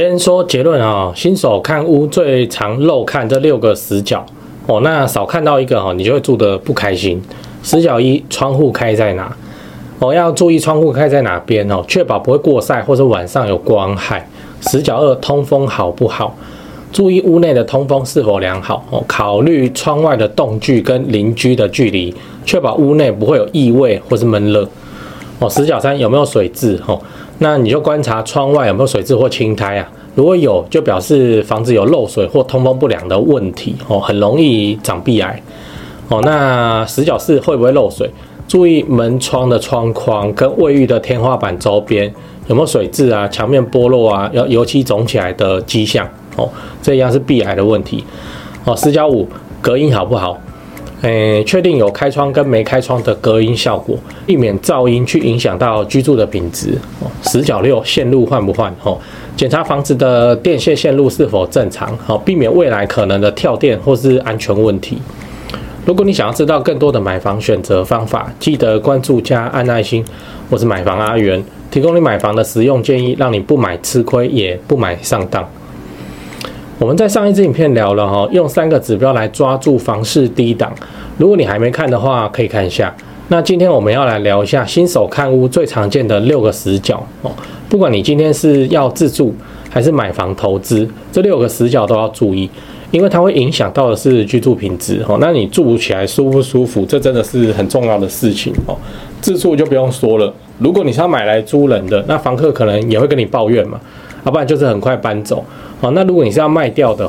先說結論啊、哦，新手看屋最常漏看這六個死角哦，那少看到一個哦，你就會住得不開心。死角一，窗戶開在哪？哦，要注意窗戶開在哪邊哦，確保不會過曬或者晚上有光害。死角二，通風好不好？注意屋內的通風是否良好哦，考慮窗外的棟距跟鄰居的距離，確保屋內不會有異味或是悶熱。哦，死角三，有沒有水漬？哦。那你就觀察窗外有沒有水漬或青苔啊。如果有，就表示房子有漏水或通風不良的問題哦，很容易長壁癌哦。那死角四，會不會漏水？注意門窗的窗框跟衛浴的天花板周邊有沒有水漬啊、牆面剝落啊、要油漆腫起來的跡象哦，這樣是壁癌的問題哦。死角五，隔音好不好？誒，確定有開窗跟沒開窗的隔音效果，避免噪音去影響到居住的品質。死角六，線路換不換？哦，檢查房子的電線線路是否正常，避免未來可能的跳電或是安全問題。如果你想要知道更多的買房選擇方法，記得關注加按愛心。我是買房阿元，提供你買房的實用建議，讓你不買吃虧也不買上當。我們在上一支影片聊了哈、哦，用三個指標來抓住房市低檔。如果你還沒看的話，可以看一下。那今天我們要來聊一下新手看屋最常見的六個死角哦。不管你今天是要自住還是買房投資，這六個死角都要注意，因為它會影響到的是居住品質哦。那你住起來舒不舒服，這真的是很重要的事情哦。自住就不用說了，如果你是要買來租人的，那房客可能也會跟你抱怨嘛。要不然就是很快搬走哦。那如果你是要賣掉的，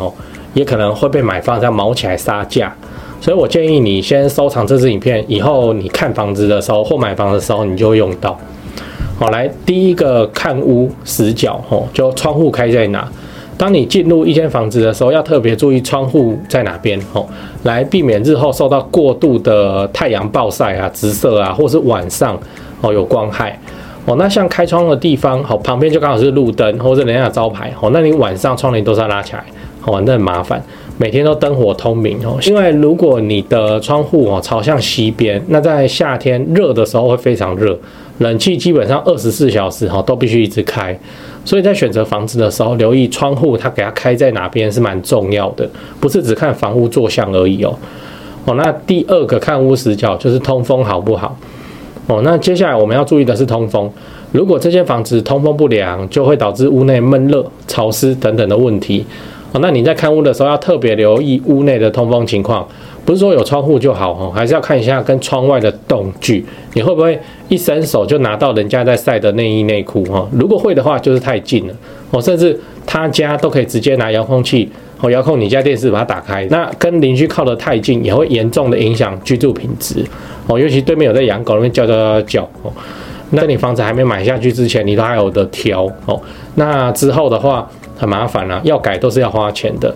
也可能會被買方這樣卯起來殺價。所以我建議你先收藏這支影片，以後你看房子的時候或買房的時候你就會用到。好，來第一個看屋死角吼，就窗戶開在哪？當你進入一間房子的時候，要特別注意窗戶在哪邊吼，來避免日後受到過度的太陽暴曬啊、直射啊，或是晚上哦有光害。哦，那像開窗的地方，好，旁邊就剛好是路燈或者人家的招牌，好，那你晚上窗簾都是要拉起來，好，那很麻煩，每天都燈火通明哦。因為如果你的窗戶哦朝向西邊，那在夏天熱的時候會非常熱，冷氣基本上二十四小時哈都必須一直開，所以在選擇房子的時候，留意窗戶它給它開在哪邊是蠻重要的，不是只看房屋坐向而已哦。哦，那第二個看屋死角就是通風好不好？哦，那接下來我們要注意的是通風。如果這間房子通風不良，就會導致屋內悶熱、潮濕等等的問題。哦，那你在看屋的時候，要特別留意屋內的通風情況，不是說有窗戶就好哈，還是要看一下跟窗外的棟距，你會不會一伸手就拿到人家在曬的內衣內褲哈？如果會的話，就是太近了。哦，甚至他家都可以直接拿遙控器。我遙控你家電視把它打開，那跟鄰居靠得太近也會嚴重的影響居住品質哦，尤其對面有在養狗，那邊叫叫叫叫哦，那你房子還沒買下去之前，你都還有的挑哦，那之後的話很麻煩了啊，要改都是要花錢的，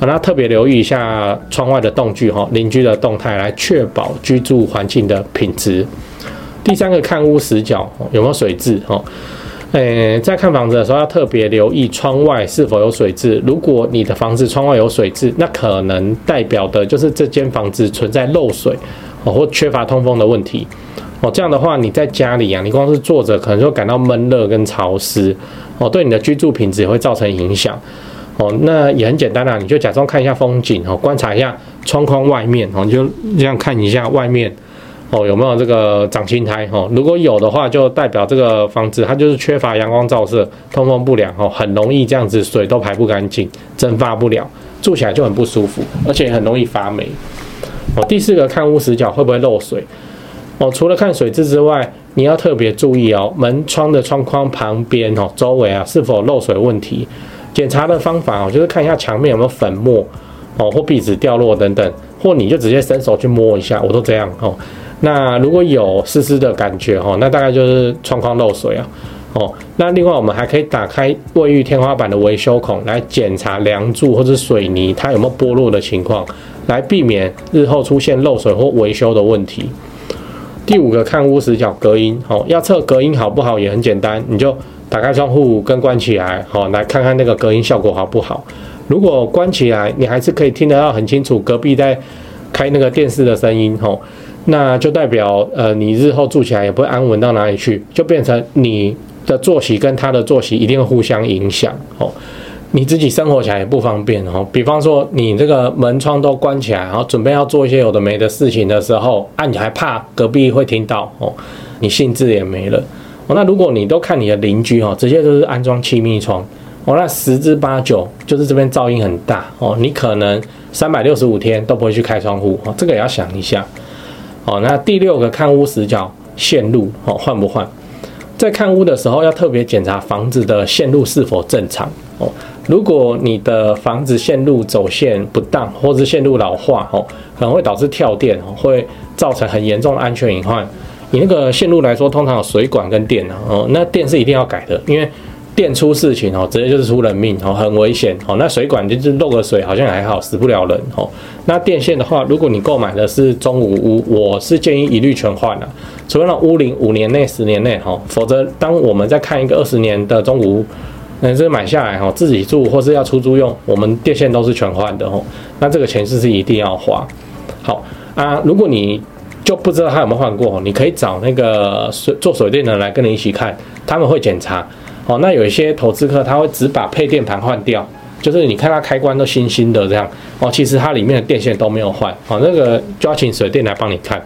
那特別留意一下窗外的動靜哈，鄰居的動態來確保居住環境的品質。第三個看屋死角，有沒有水漬哦。欸、在看房子的時候，要特別留意窗外是否有水漬。如果你的房子窗外有水漬，那可能代表的就是這間房子存在漏水哦，或缺乏通風的問題哦。這樣的話，你在家裡呀、啊，你光是坐着可能就會感到悶熱跟潮濕哦，對你的居住品質會造成影響哦。那也很簡單啦、啊，你就假裝看一下風景哦，觀察一下窗框外面哦，就這樣看一下外面。哦，有沒有這個長青苔？哈、哦，如果有的話，就代表這個房子它就是缺乏陽光照射，通風不良，哈、哦，很容易這樣子水都排不乾淨，蒸發不了，住起來就很不舒服，而且很容易發霉。哦，第四個看屋死角，會不會漏水。哦，除了看水漬之外，你要特別注意哦，門窗的窗框旁邊，哦，周圍啊是否漏水問題？檢查的方法哦，就是看一下牆面有沒有粉末，哦，或壁紙掉落等等，或你就直接伸手去摸一下，我都這樣，哦。那如果有濕濕的感覺吼，那大概就是窗框漏水啊。哦，那另外我們還可以打開衛浴天花板的維修孔來檢查梁柱或是水泥它有沒有剝落的情況，來避免日後出現漏水或維修的問題。第五個看屋死角隔音，吼，要測隔音好不好也很簡單，你就打開窗戶跟關起來，吼，來看看那個隔音效果好不好。如果關起來，你還是可以聽得到很清楚隔壁在開那個電視的聲音，吼。那就代表，呃，你日後住起來也不會安穩到哪裡去，就變成你的作息跟他的作息一定會互相影響哦。你自己生活起來也不方便哦。比方說，你這個門窗都關起來，然後準備要做一些有的沒的事情的時候，啊，你還怕隔壁會聽到哦？你興致也沒了哦。那如果你都看你的鄰居哦，直接就是安裝氣密窗哦，那十之八九就是這邊噪音很大哦。你可能三百六十五天都不會去開窗戶哦，這個也要想一下。好、哦、那第六個看屋死角線路哦，換不換？在看屋的時候要特別檢查房子的線路是否正常哦。如果你的房子線路走線不當，或是線路老化哦，可能會導致跳電，哦、會造成很嚴重的安全隱患。你那個線路來說，通常有水管跟電哦，那電是一定要改的，因為。電出事情哦，直接就是出人命哦，很危險哦。那水管就是漏個水，好像還好，死不了人哦。那電線的話，如果你購買的是中古屋，我是建議一律全換的、啊，除了屋齡五年內、十年內哈，否則當我們在看一個二十年的中古屋，那是買下來哈，自己住或是要出租用，我們電線都是全換的哦。那這個錢是是一定要花。好啊，如果你就不知道他有沒有換過，你可以找那個水做水電的人來跟你一起看，他們會檢查。哦，那有一些投資客他會只把配電盤換掉，就是你看他開關都新新的這樣，哦，其實它裡面的電線都沒有換，哦，那個就要請水電來幫你看，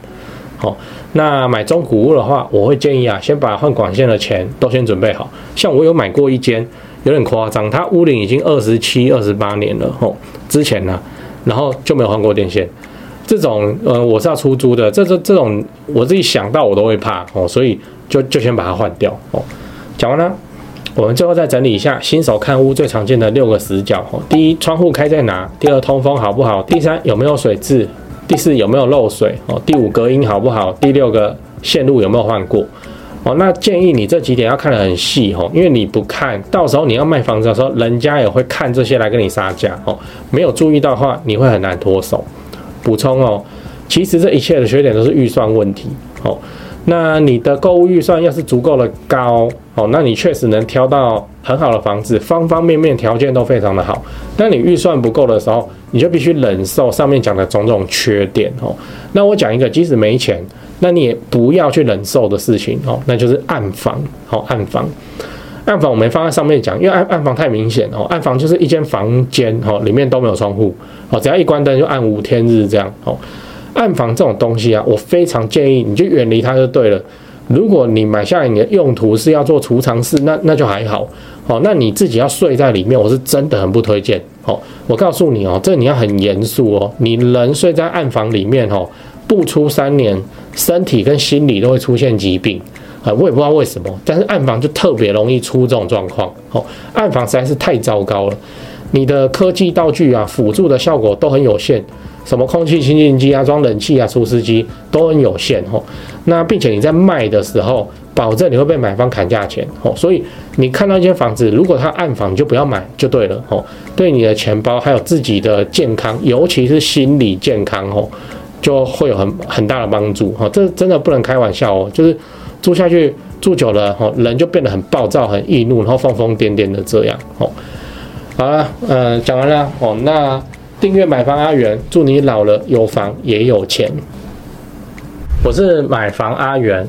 哦，那買中古屋的話，我會建議啊，先把換管線的錢都先準備好，像我有買過一間，有點誇張，他屋齡已經二十七二十八年了，哦。之前呢、啊，然後就沒有換過電線，這種，呃，我是要出租的，這這這種我自己想到我都會怕，哦，所以就就先把它換掉，哦，講完了。我們最後再整理一下，新手看屋最常見的六個死角哦。第一，窗戶開在哪？第二，通風好不好？第三，有沒有水漬？第四，有沒有漏水？哦，第五，隔音好不好？第六個，線路有沒有換過？哦，那建議你這幾點要看得很細哦，因為你不看到時候你要賣房子的時候，人家也會看這些來跟你殺價哦。沒有注意到的話，你會很難脫手。補充哦，其實這一切的缺點都是預算問題哦。那你的購屋預算要是足夠的高哦，那你確實能挑到很好的房子，方方面面條件都非常的好。那你預算不夠的時候，你就必須忍受上面講的種種缺點哦。那我講一個，即使沒錢，那你也不要去忍受的事情哦，那就是暗房。好、哦，暗房，暗房我沒放在上面講，因為暗暗房太明顯哦。暗房就是一間房間哦，裡面都沒有窗戶哦，只要一關燈就暗無天日這樣哦。暗房這種東西啊，我非常建議你就遠離它就對了。如果你買下來，你的用途是要做儲藏室，那那就還好。哦，那你自己要睡在裡面，我是真的很不推薦。哦，我告訴你哦，這你要很嚴肅哦。你人睡在暗房裡面哦，不出三年，身體跟心理都會出現疾病啊。呃，我也不知道為什麼，但是暗房就特別容易出這種狀況。哦，暗房實在是太糟糕了。你的科技道具啊，輔助的效果都很有限。什麼空氣清淨機啊，裝冷氣啊，除濕機都很有限吼、哦。那並且你在賣的時候，保證你會被買方砍價錢吼、哦。所以你看到一間房子，如果它暗房，你就不要買就對了吼、哦。對你的錢包還有自己的健康，尤其是心理健康吼、哦，就會有很很大的幫助啊、哦。這真的不能開玩笑哦，就是住下去住久了吼、哦，人就變得很暴躁、很易怒，然後瘋瘋癲癲的這樣吼、哦。好了，嗯、呃，講完了哦，那。訂閱買房阿元，祝你老了有房也有錢。我是買房阿元。